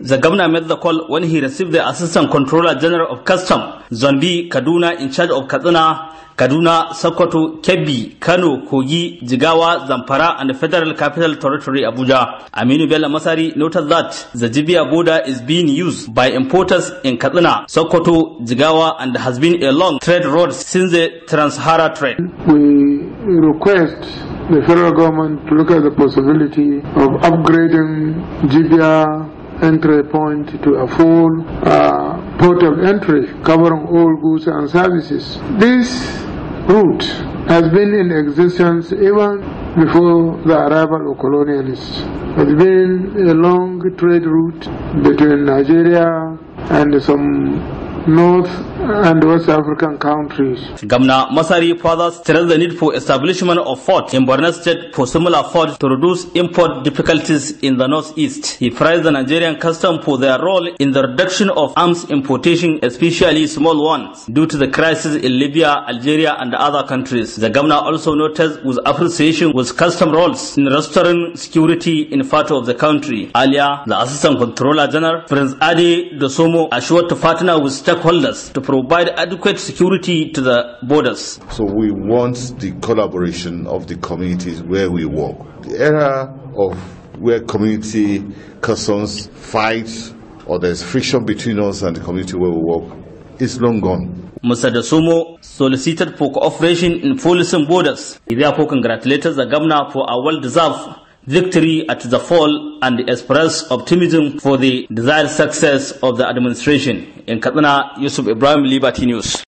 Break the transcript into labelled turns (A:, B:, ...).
A: The governor made the call when he received the Assistant Controller General of Custom, Zambi Kaduna in charge of Katsina, Kaduna, Sokoto, Kebbi, Kano, Kogi, Jigawa, Zamfara and the Federal Capital Territory Abuja. Aminu Bello Masari noted that the jibia border is being used by importers in Katsina, Sokoto, Jigawa and has been a long trade road since the trans trade.
B: We request the federal government to look at the possibility of upgrading Jibia entry point to a full uh, port of entry covering all goods and services. This route has been in existence even before the arrival of colonialists. It's been a long trade route between Nigeria and some North and West African countries.
A: Governor Masari further stressed the need for establishment of fort in Borno State for similar fort to reduce import difficulties in the northeast. He praised the Nigerian custom for their role in the reduction of arms importation, especially small ones, due to the crisis in Libya, Algeria, and other countries. The governor also noticed with appreciation with custom roles in restoring security in part of the country. Earlier, the Assistant Controller General, Prince Adi Dosomo, assured to partner with stakeholders to provide adequate
C: security to the borders. So we want the collaboration of the communities where we work. The era of where community concerns fight or there's friction between us and the community where we work is long gone. Mr.
A: Dasumo solicited for cooperation in policing borders. He therefore congratulated the governor for a well-deserved victory at the fall and express optimism for
B: the desired success of the administration. In Katuna, Yusuf Ibrahim, Liberty News.